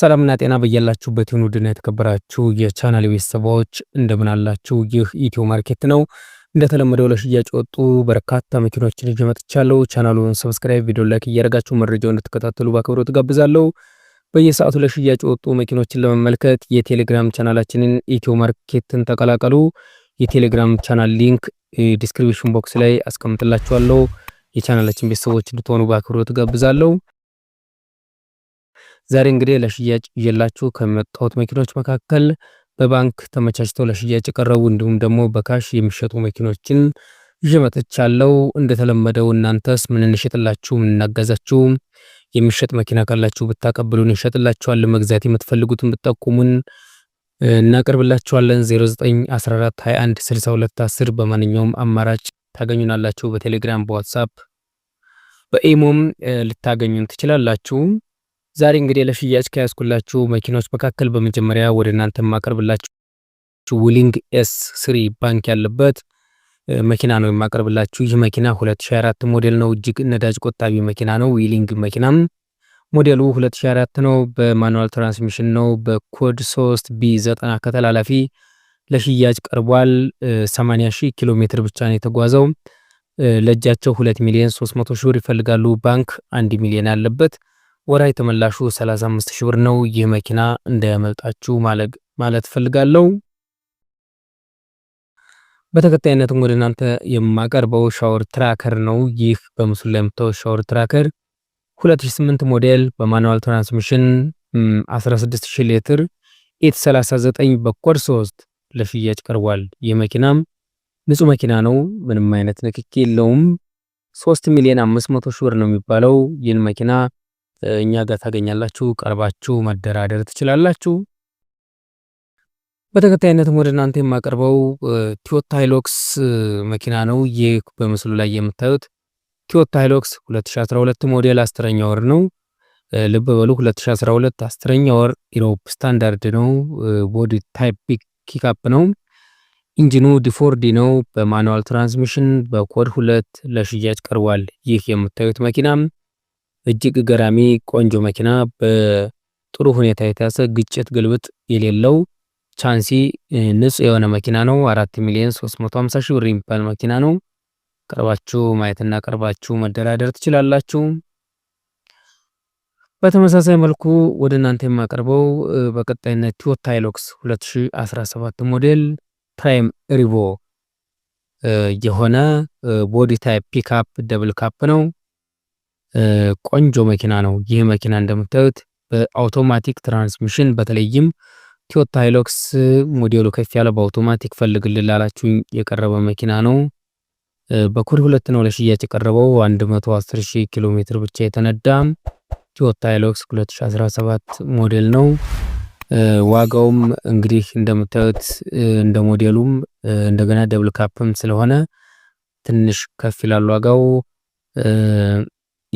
ሰላምና ጤና በያላችሁበት ይሁን። ውድና የተከበራችሁ የቻናል ቤተሰቦች እንደምን አላችሁ? ይህ ኢትዮ ማርኬት ነው። እንደተለመደው ለሽያጭ ወጡ በርካታ መኪኖችን ይዤ መጥቻለሁ። ቻናሉን ሰብስክራይብ፣ ቪዲዮ ላይክ እያደረጋችሁ መረጃው እንድትከታተሉ በአክብሮ ጋብዛለሁ። በየሰዓቱ ለሽያጭ ወጡ መኪኖችን ለመመልከት የቴሌግራም ቻናላችንን ኢትዮ ማርኬትን ተቀላቀሉ። የቴሌግራም ቻናል ሊንክ ዲስክሪፕሽን ቦክስ ላይ አስቀምጥላችኋለሁ። የቻናላችን ቤተሰቦች እንድትሆኑ በአክብሮ ትጋብዛለሁ። ዛሬ እንግዲህ ለሽያጭ እየላችሁ ከመጣሁት መኪኖች መካከል በባንክ ተመቻችተው ለሽያጭ የቀረቡ እንዲሁም ደግሞ በካሽ የሚሸጡ መኪኖችን ይዤ መጥቻለሁ። እንደተለመደው እናንተስ ምን እንሸጥላችሁ፣ ምን እናጋዛችሁ፣ የሚሸጥ መኪና ካላችሁ ብታቀብሉን እንሸጥላችኋለን። መግዛት የምትፈልጉትን ብትጠቁሙን እናቀርብላችኋለን። 0914216210 በማንኛውም አማራጭ ታገኙናላችሁ። በቴሌግራም በዋትሳፕ በኢሞም ልታገኙን ትችላላችሁ። ዛሬ እንግዲህ ለሽያጭ ከያዝኩላችሁ መኪናዎች መካከል በመጀመሪያ ወደ እናንተ የማቀርብላችሁ ዊሊንግ ኤስ ስሪ ባንክ ያለበት መኪና ነው የማቀርብላችሁ። ይህ መኪና 2004 ሞዴል ነው። እጅግ ነዳጅ ቆጣቢ መኪና ነው። ዊሊንግ መኪናም ሞዴሉ 2004 ነው። በማኑዋል ትራንስሚሽን ነው። በኮድ 3 ቢ 90 ከተላላፊ ለሽያጭ ቀርቧል። 80000 ኪሎ ሜትር ብቻ ነው የተጓዘው። ለእጃቸው 2 ሚሊዮን 300 ሺህ ብር ይፈልጋሉ። ባንክ 1 ሚሊዮን ያለበት ወራይ ተመላሹ 35 ሺህ ብር ነው። ይህ መኪና እንዳያመልጣችሁ ማለግ ማለት ፈልጋለሁ። በተከታይነት ወደ እናንተ የማቀርበው ሻወር ትራከር ነው። ይህ በምስሉ ላይ የምታዩት ሻወር ትራከር 2008 ሞዴል በማኑዋል ትራንስሚሽን 16000 ሊትር ኤት 39 በኮድ 3 ለሽያጭ ቀርቧል። ይህ መኪናም ንጹህ መኪና ነው። ምንም አይነት ንክኪ የለውም። 3 ሚሊዮን 500 ሺህ ብር ነው የሚባለው ይህን መኪና እኛ ጋር ታገኛላችሁ። ቀርባችሁ መደራደር ትችላላችሁ። በተከታይነትም ወደ እናንተ የማቀርበው ቲዮታ ሃይሎክስ መኪና ነው። ይህ በምስሉ ላይ የምታዩት ቲዮታ ሃይሎክስ 2012 ሞዴል አስረኛ ወር ነው። ልብ በሉ 2012 አስረኛ ወር ኢሮፕ ስታንዳርድ ነው። ቦዲ ታይፕ ኪካፕ ነው። ኢንጂኑ ዲፎርዲ ነው። በማኑዋል ትራንስሚሽን በኮድ ሁለት ለሽያጭ ቀርቧል። ይህ የምታዩት መኪናም እጅግ ገራሚ ቆንጆ መኪና በጥሩ ሁኔታ የተያዘ ግጭት ግልብጥ የሌለው ቻንሲ ንጹህ የሆነ መኪና ነው። አራት ሚሊዮን 350 ሺህ ብር የሚባል መኪና ነው። ቀርባችሁ ማየትና ቀርባችሁ መደራደር ትችላላችሁ። በተመሳሳይ መልኩ ወደ እናንተ የማቀርበው በቀጣይነት ቶዮታ ሃይሉክስ 2017 ሞዴል ፕራይም ሪቮ የሆነ ቦዲ ታይፕ ፒካፕ ደብል ካፕ ነው። ቆንጆ መኪና ነው። ይህ መኪና እንደምታዩት በአውቶማቲክ ትራንስሚሽን በተለይም ቶዮታ ሃይሎክስ ሞዴሉ ከፍ ያለ በአውቶማቲክ ፈልግልን ላላችሁ የቀረበ መኪና ነው። በኩል ሁለት ነው ለሽያጭ የቀረበው 110 ኪሎ ሜትር ብቻ የተነዳ ቶዮታ ሃይሎክስ 2017 ሞዴል ነው። ዋጋውም እንግዲህ እንደምታዩት እንደ ሞዴሉም እንደገና ደብል ካፕም ስለሆነ ትንሽ ከፍ ይላል ዋጋው።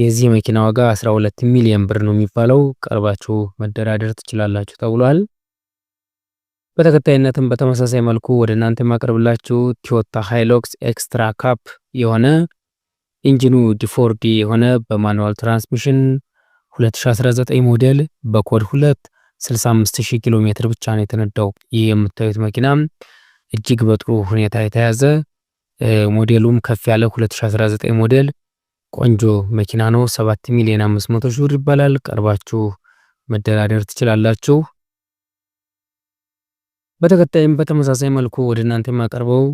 የዚህ መኪና ዋጋ 12 ሚሊዮን ብር ነው የሚባለው። ቀርባችሁ መደራደር ትችላላችሁ ተብሏል። በተከታይነትም በተመሳሳይ መልኩ ወደ እናንተ የማቀርብላችሁ ቶዮታ ሃይሎክስ ኤክስትራ ካፕ የሆነ ኢንጂኑ ዲፎርዲ የሆነ በማኑዋል ትራንስሚሽን 2019 ሞዴል በኮድ 2 65000 ኪሎ ሜትር ብቻ ነው የተነዳው። ይህ የምታዩት መኪና እጅግ በጥሩ ሁኔታ የተያዘ ሞዴሉም ከፍ ያለ 2019 ሞዴል ቆንጆ መኪና ነው። 7 ሚሊዮን 500 ሺህ ብር ይባላል። ቀርባችሁ መደራደር ትችላላችሁ። በተከታይም በተመሳሳይ መልኩ ወደ እናንተ የማቀርበው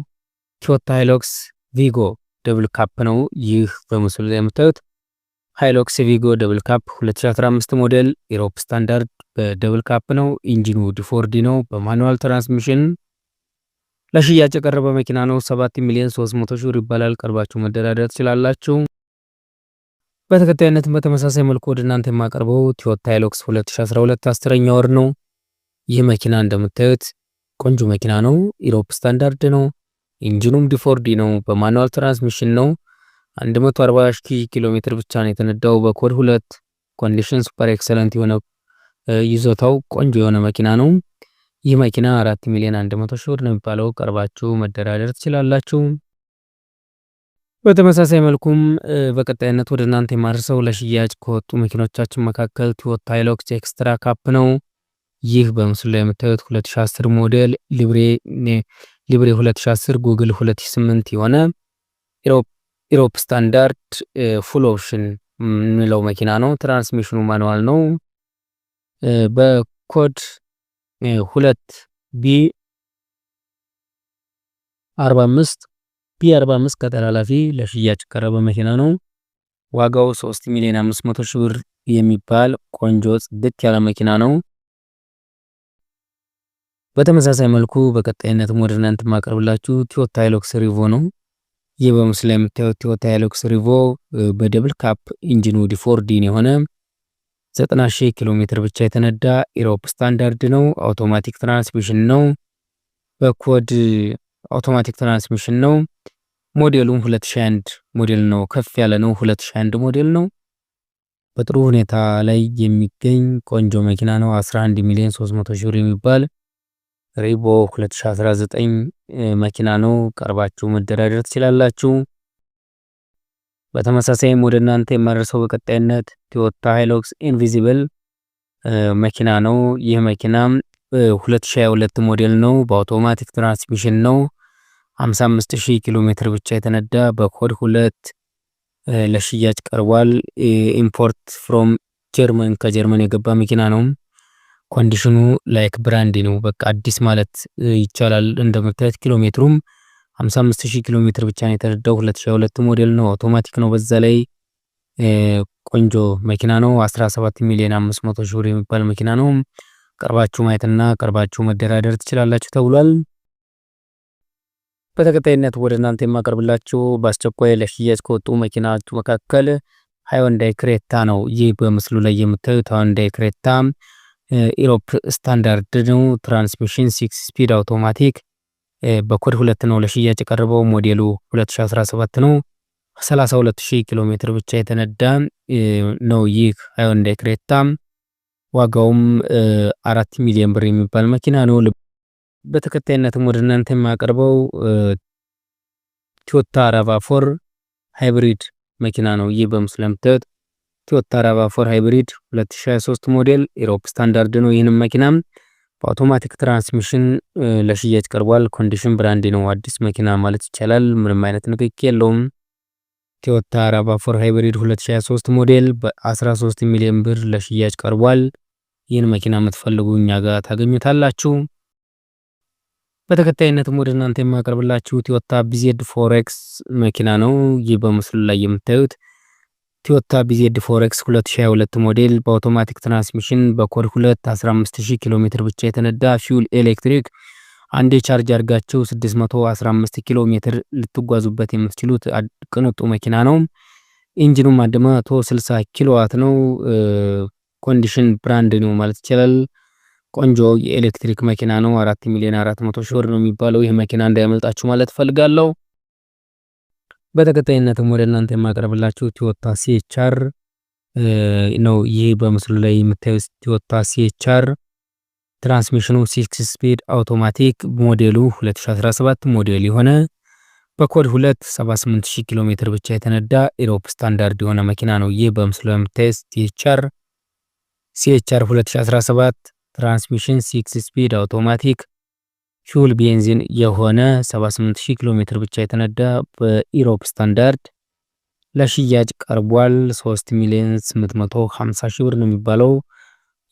ቶዮታ ሃይሎክስ ቪጎ ደብል ካፕ ነው። ይህ በምስሉ ላይ የምታዩት ሃይሎክስ ቪጎ ደብል ካፕ 2015 ሞዴል ኢሮፕ ስታንዳርድ በደብል ካፕ ነው። ኢንጂኑ ዲፎርዲ ነው። በማኑዋል ትራንስሚሽን ለሽያጭ የቀረበ መኪና ነው። 7 ሚሊዮን 300 ሺህ ብር ይባላል። ቀርባችሁ መደራደር ትችላላችሁ። በተከታይነት በተመሳሳይ መልኩ ወደ እናንተ የማቀርበው ቶዮታ ሃይሉክስ 2012 አስረኛ ወር ነው። ይህ መኪና እንደምታዩት ቆንጆ መኪና ነው። ኢሮፕ ስታንዳርድ ነው። ኢንጂኑም ዲፎርዲ ነው። በማኑዋል ትራንስሚሽን ነው። 140 ሺህ ኪሎ ሜትር ብቻ ነው የተነዳው። በኮድ ሁለት ኮንዲሽን ሱፐር ኤክሰለንት የሆነ ይዞታው ቆንጆ የሆነ መኪና ነው። ይህ መኪና 4 ሚሊዮን 100 ሺህ ብር ነው የሚባለው። ቀርባችሁ መደራደር ትችላላችሁ። በተመሳሳይ መልኩም በቀጣይነት ወደ እናንተ የማደርሰው ለሽያጭ ከወጡ መኪኖቻችን መካከል ቶዮታ ሃይሉክስ ኤክስትራ ካፕ ነው። ይህ በምስሉ ላይ የምታዩት 2010 ሞዴል ሊብሬ 2010 ጉግል 2008 የሆነ ኢሮፕ ስታንዳርድ ፉል ኦፕሽን የምንለው መኪና ነው። ትራንስሚሽኑ ማንዋል ነው። በኮድ ሁለት ቢ 45 ፒ45 ከተላላፊ ለሽያጭ ቀረበ መኪና ነው። ዋጋው 3 ሚሊዮን 500 ሺህ ብር የሚባል ቆንጆ ጽድት ያለ መኪና ነው። በተመሳሳይ መልኩ በቀጣይነት ወደ እናንተ ማቀርብላችሁ ቲዮታ ሃይሉክስ ሪቮ ነው። ይህ በምስሉ ላይ የምታዩት ቲዮታ ሃይሉክስ ሪቮ በደብል ካፕ ኢንጂኑ ዲፎርዲን የሆነ 90000 ኪሎ ሜትር ብቻ የተነዳ ኢሮፕ ስታንዳርድ ነው። አውቶማቲክ ትራንስሚሽን ነው። በኮድ አውቶማቲክ ትራንስሚሽን ነው። ሞዴሉም 2001 ሞዴል ነው። ከፍ ያለ ነው። 2001 ሞዴል ነው። በጥሩ ሁኔታ ላይ የሚገኝ ቆንጆ መኪና ነው። 11 ሚሊዮን 300 ሺህ ብር የሚባል ሪቦ 2019 መኪና ነው። ቀርባችሁ መደራደር ትችላላችሁ። በተመሳሳይም ወደ እናንተ የማደርሰው በቀጣይነት ቶዮታ ሃይሎክስ ኢንቪዚብል መኪና ነው። ይህ መኪናም 2022 ሞዴል ነው። በአውቶማቲክ ትራንስሚሽን ነው። 55000 ኪሎ ሜትር ብቻ የተነዳ በኮድ 2 ለሽያጭ ቀርቧል። ኢምፖርት ፍሮም ጀርመን ከጀርመን የገባ መኪና ነው። ኮንዲሽኑ ላይክ ብራንድ ነው። በቃ አዲስ ማለት ይቻላል። እንደምታዩት ኪሎ ሜትሩም 55000 ኪሎ ሜትር ብቻ ነው የተነዳው። 2022 ሞዴል ነው። አውቶማቲክ ነው። በዛ ላይ ቆንጆ መኪና ነው። 17 ሚሊዮን 500 ሺህ ብር የሚባል መኪና ነው። ቀርባችሁ ማየትና ቀርባችሁ መደራደር ትችላላችሁ ተብሏል። በተከታይነት ወደ እናንተ የማቀርብላችሁ በአስቸኳይ ለሽያጭ ከወጡ መኪናዎች መካከል ሃይወንዳይ ክሬታ ነው። ይህ በምስሉ ላይ የምታዩት ሃይወንዳይ ክሬታ ኢሮፕ ስታንዳርድ ነው። ትራንስሚሽን ሲክስ ስፒድ አውቶማቲክ በኮድ ሁለት ነው ለሽያጭ የቀረበው። ሞዴሉ 2017 ነው። 32000 ኪሎ ሜትር ብቻ የተነዳ ነው ይህ ሃይወንዳይ ክሬታ። ዋጋውም አራት ሚሊዮን ብር የሚባል መኪና ነው። በተከታይነትም ወደ እናንተ የማቀርበው ቶዮታ ራቫ ፎር ሃይብሪድ መኪና ነው። ይህ በምስሉ የምታዩት ቶዮታ ራቫ ፎር ሃይብሪድ 2023 ሞዴል ኢሮፕ ስታንዳርድ ነው። ይህንም መኪናም በአውቶማቲክ ትራንስሚሽን ለሽያጭ ቀርቧል። ኮንዲሽን ብራንድ ነው፣ አዲስ መኪና ማለት ይቻላል። ምንም አይነት ንክኪ የለውም። ቶዮታ ራቫ ፎር ሃይብሪድ 2023 ሞዴል በ13 ሚሊዮን ብር ለሽያጭ ቀርቧል። ይህን መኪና የምትፈልጉ እኛ ጋር ታገኙታላችሁ። በተከታይነት ወደ እናንተ የማቀርብላችሁ ቶዮታ ቢዜድ ፎሬክስ መኪና ነው። ይህ በምስሉ ላይ የምታዩት ቶዮታ ቢዜድ ፎሬክስ 2022 ሞዴል በአውቶማቲክ ትራንስሚሽን በኮድ 2 15000 ኪሎ ሜትር ብቻ የተነዳ ፊውል ኤሌክትሪክ አንዴ ቻርጅ አድርጋችሁ 615 ኪሎ ሜትር ልትጓዙበት የምትችሉት ቅንጡ መኪና ነው። ኢንጂኑ ማደማ 160 ኪሎዋት ነው። ኮንዲሽን ብራንድ ነው ማለት ይችላል ቆንጆ የኤሌክትሪክ መኪና ነው። አራት ሚሊዮን አራት መቶ ሺህ ብር ነው የሚባለው። ይህ መኪና እንዳያመልጣችሁ ማለት ፈልጋለሁ። በተከታይነትም ወደ እናንተ የማቀርብላችሁ ቲዮታ ሲኤችአር ነው። ይህ በምስሉ ላይ የምታዩት ቲዮታ ሲኤችአር ትራንስሚሽኑ ሲክስ ስፒድ አውቶማቲክ ሞዴሉ 2017 ሞዴል የሆነ በኮድ 278000 ኪሎ ሜትር ብቻ የተነዳ ኢሮፕ ስታንዳርድ የሆነ መኪና ነው። ይህ በምስሉ ላይ የምታዩት ሲኤችአር ሲኤችአር 2017 ትራንስሚሽን ሲክስ ስፒድ አውቶማቲክ ሹል ቤንዚን የሆነ 78000 ኪሎ ሜትር ብቻ የተነዳ በኢሮፕ ስታንዳርድ ለሽያጭ ቀርቧል። 3 ሚሊዮን 850 ሺህ ብር ነው የሚባለው።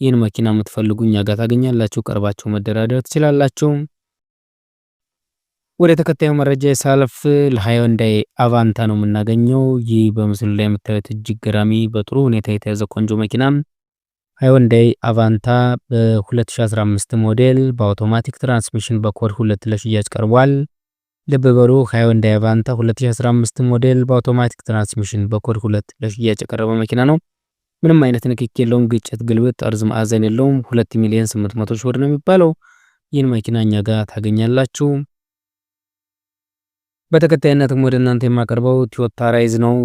ይህን መኪና የምትፈልጉ እኛ ጋር ታገኛላችሁ። ቀርባችሁ መደራደር ትችላላችሁ። ወደ ተከታዩ መረጃ የሳልፍ ለሃዮንዳይ አቫንታ ነው የምናገኘው። ይህ በምስሉ ላይ የምታዩት እጅግ ገራሚ በጥሩ ሁኔታ የተያዘ ቆንጆ መኪና ሃይወንዳይ አቫንታ በ2015 ሞዴል በአውቶማቲክ ትራንስሚሽን በኮድ 2 ለሽያጭ ቀርቧል። ልብ በሉ ሃይወንዳይ አቫንታ 2015 ሞዴል በአውቶማቲክ ትራንስሚሽን በኮድ 2 ለሽያጭ የቀረበ መኪና ነው። ምንም አይነት ንክኪ የለውም፣ ግጭት፣ ግልብጥ፣ ጠርዝ ማዕዘን የለውም። 2 ሚሊዮን 800 ሺህ ብር ነው የሚባለው። ይህን መኪና እኛ ጋር ታገኛላችሁ። በተከታይነትም ወደ እናንተ የማቀርበው ቶዮታ ራይዝ ነው።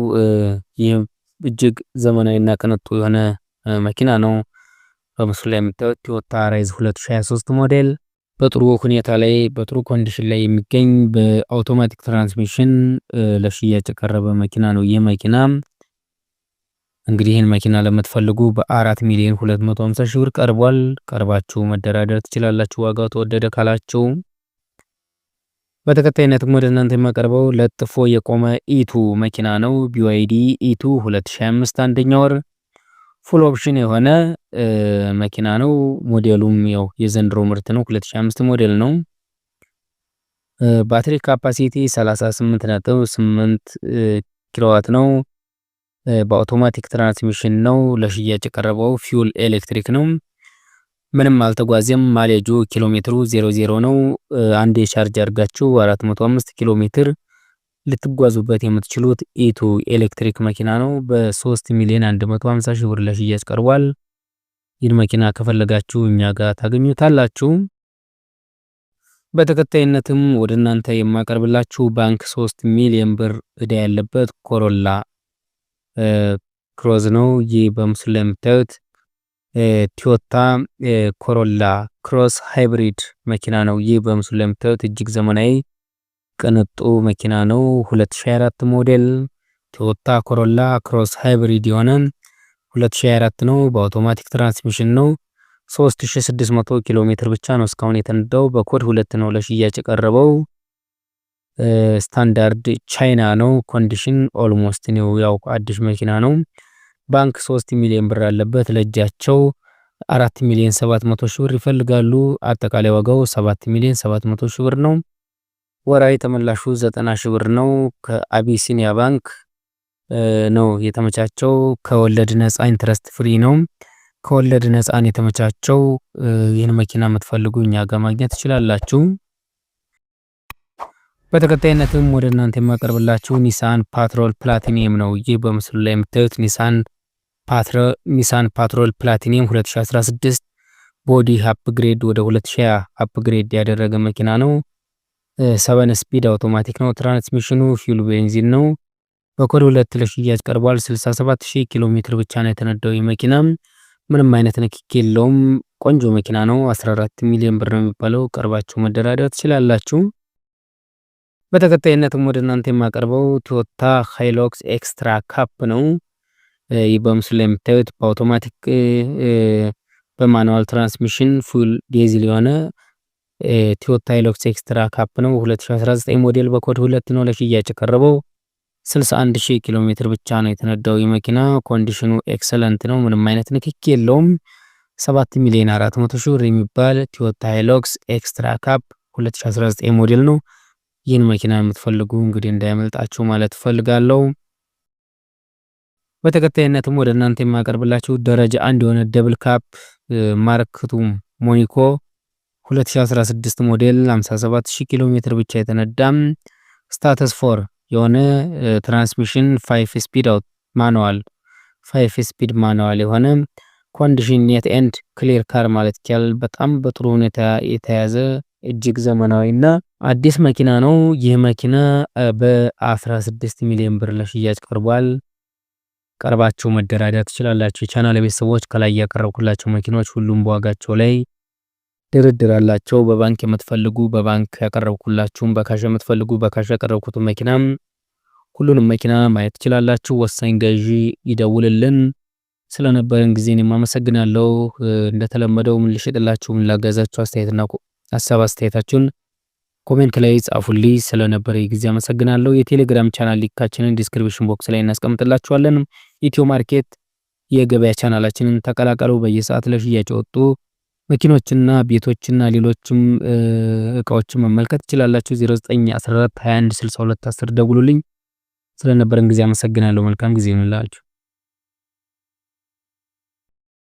ይህ እጅግ ዘመናዊና ቅንጡ የሆነ መኪና ነው። በምስሉ ላይ የምታዩት ቶዮታ ራይዝ 2023 ሞዴል በጥሩ ሁኔታ ላይ በጥሩ ኮንዲሽን ላይ የሚገኝ በአውቶማቲክ ትራንስሚሽን ለሽያጭ የቀረበ መኪና ነው። ይህ መኪና እንግዲህ ይህን መኪና ለምትፈልጉ በአራት ሚሊዮን 250 ሺህ ብር ቀርቧል። ቀርባችሁ መደራደር ትችላላችሁ፣ ዋጋው ተወደደ ካላችሁ። በተከታይነትም ወደ እናንተ የማቀርበው ለጥፎ የቆመ ኢቱ መኪና ነው። ቢዋይዲ ኢቱ 2025 አንደኛ ወር ፉል ኦፕሽን የሆነ መኪና ነው። ሞዴሉም ያው የዘንድሮ ምርት ነው፣ 2005 ሞዴል ነው። ባትሪ ካፓሲቲ 38.8 ኪሎዋት ነው። በአውቶማቲክ ትራንስሚሽን ነው። ለሽያጭ የቀረበው ፊውል ኤሌክትሪክ ነው። ምንም አልተጓዘም ማሌጁ ኪሎ ሜትሩ 00 ነው። አንድ የቻርጅ አድርጋችሁ 405 ኪሎ ሜትር ልትጓዙበት የምትችሉት ኢቱ ኤሌክትሪክ መኪና ነው። በ3 ሚሊዮን 150 ሺህ ብር ለሽያጭ ቀርቧል። ይህን መኪና ከፈለጋችሁ እኛ ጋር ታገኙታላችሁ። በተከታይነትም ወደ እናንተ የማቀርብላችሁ ባንክ 3 ሚሊዮን ብር እዳ ያለበት ኮሮላ ክሮዝ ነው። ይህ በምስሉ ላይ የምታዩት ቶዮታ ኮሮላ ክሮስ ሃይብሪድ መኪና ነው። ይህ በምስሉ ላይ የምታዩት እጅግ ዘመናዊ ቅንጡ መኪና ነው። 2024 ሞዴል ቶዮታ ኮሮላ ክሮስ ሃይብሪድ የሆነ 2024 ነው። በአውቶማቲክ ትራንስሚሽን ነው። 3600 ኪሎ ሜትር ብቻ ነው እስካሁን የተነዳው። በኮድ ሁለት ነው ለሽያጭ የቀረበው። ስታንዳርድ ቻይና ነው። ኮንዲሽን ኦልሞስት ኒው፣ ያው አዲስ መኪና ነው። ባንክ 3 ሚሊዮን ብር አለበት ለእጃቸው 4 ሚሊዮን 700 ሺህ ብር ይፈልጋሉ። አጠቃላይ ዋጋው 7 ሚሊዮን 700 ሺህ ብር ነው። ወራዊ ተመላሹ ዘጠና ሺህ ብር ነው። ከአቢሲኒያ ባንክ ነው የተመቻቸው። ከወለድ ነፃ ኢንትረስት ፍሪ ነው። ከወለድ ነፃን የተመቻቸው ይህን መኪና የምትፈልጉ እኛ ጋር ማግኘት ትችላላችሁ። በተከታይነትም ወደ እናንተ የማቀርብላችሁ ኒሳን ፓትሮል ፕላቲኒየም ነው። ይህ በምስሉ ላይ የምታዩት ኒሳን ፓትሮል ፕላቲኒየም 2016 ቦዲ አፕግሬድ ወደ 2020 አፕግሬድ ያደረገ መኪና ነው። ሰበን ስፒድ አውቶማቲክ ነው። ትራንስሚሽኑ ፊውል ቤንዚን ነው። በኮድ ሁለት ለሽያጭ ቀርቧል። 67000 ኪሎ ሜትር ብቻ ነው የተነዳው። የመኪና ምንም አይነት ንክኪ የለውም። ቆንጆ መኪና ነው። 14 ሚሊዮን ብር ነው የሚባለው። ቀርባችሁ መደራደር ትችላላችሁ። በተከታይነትም ወደ እናንተ የማቀርበው ቶዮታ ሃይሎክስ ኤክስትራ ካፕ ነው። ይህ በምስሉ ላይ የምታዩት በአውቶማቲክ በማኑዋል ትራንስሚሽን ፉል ዲዝል የሆነ ቶዮታ ሂሉክስ ኤክስትራ ካፕ ነው። 2019 ሞዴል በኮድ ሁለት ነው። ለሽያጭ የቀረበው 61000 ኪሎ ሜትር ብቻ ነው የተነዳው። የመኪና ኮንዲሽኑ ኤክሰለንት ነው። ምንም አይነት ንክክ የለውም። 7 ሚሊዮን 400 ሺህ ብር የሚባል ቲዮታ ሂሉክስ ኤክስትራ ካፕ 2019 ሞዴል ነው። ይህን መኪና የምትፈልጉ እንግዲህ እንዳያመልጣችሁ ማለት ፈልጋለሁ። በተከታይነትም ወደ እናንተ የማቀርብላችሁ ደረጃ አንድ የሆነ ደብል ካፕ ማርክቱ ሞኒኮ 2016 ሞዴል 57000 ኪሎ ሜትር ብቻ የተነዳ ስታተስ ፎር የሆነ ትራንስሚሽን ፋይፍ ስፒድ አውት ማኑዋል ፋይፍ ስፒድ ማኑዋል የሆነ ኮንዲሽን ኔት ኤንድ ክሊር ካር ማለት ይቻላል። በጣም በጥሩ ሁኔታ የተያዘ እጅግ ዘመናዊና አዲስ መኪና ነው። ይህ መኪና በ16 ሚሊዮን ብር ለሽያጭ ቀርቧል። ቀርባችሁ መደራደር ትችላላችሁ። የቻናል ቤተሰቦች ከላይ ያቀረብኩላቸው መኪኖች ሁሉም በዋጋቸው ላይ ድርድር አላቸው። በባንክ የምትፈልጉ በባንክ ያቀረብኩላችሁም በካሽ የምትፈልጉ በካሽ ያቀረብኩት መኪና ሁሉንም መኪና ማየት ትችላላችሁ። ወሳኝ ገዢ ይደውልልን። ስለነበረን እኔም አመሰግናለሁ እንደተለመደው ምን ልሽጥላችሁ፣ ምን ላገዛችሁ፣ አስተያየትና ሀሳብ አስተያየታችሁን ኮሜንት ላይ ጻፉልኝ። ስለነበረ ጊዜ አመሰግናለሁ። የቴሌግራም ቻናል ሊካችንን ዲስክሪፕሽን ቦክስ ላይ እናስቀምጥላችኋለን። ኢትዮ ማርኬት የገበያ ቻናላችንን ተቀላቀሉ። በየሰዓት ለሽያጭ ወጡ መኪኖችና ቤቶችና ሌሎችም እቃዎችን መመልከት ትችላላችሁ። 0914216210 ደውሉልኝ። ስለነበረን ጊዜ አመሰግናለሁ። መልካም ጊዜ ይሁንላችሁ።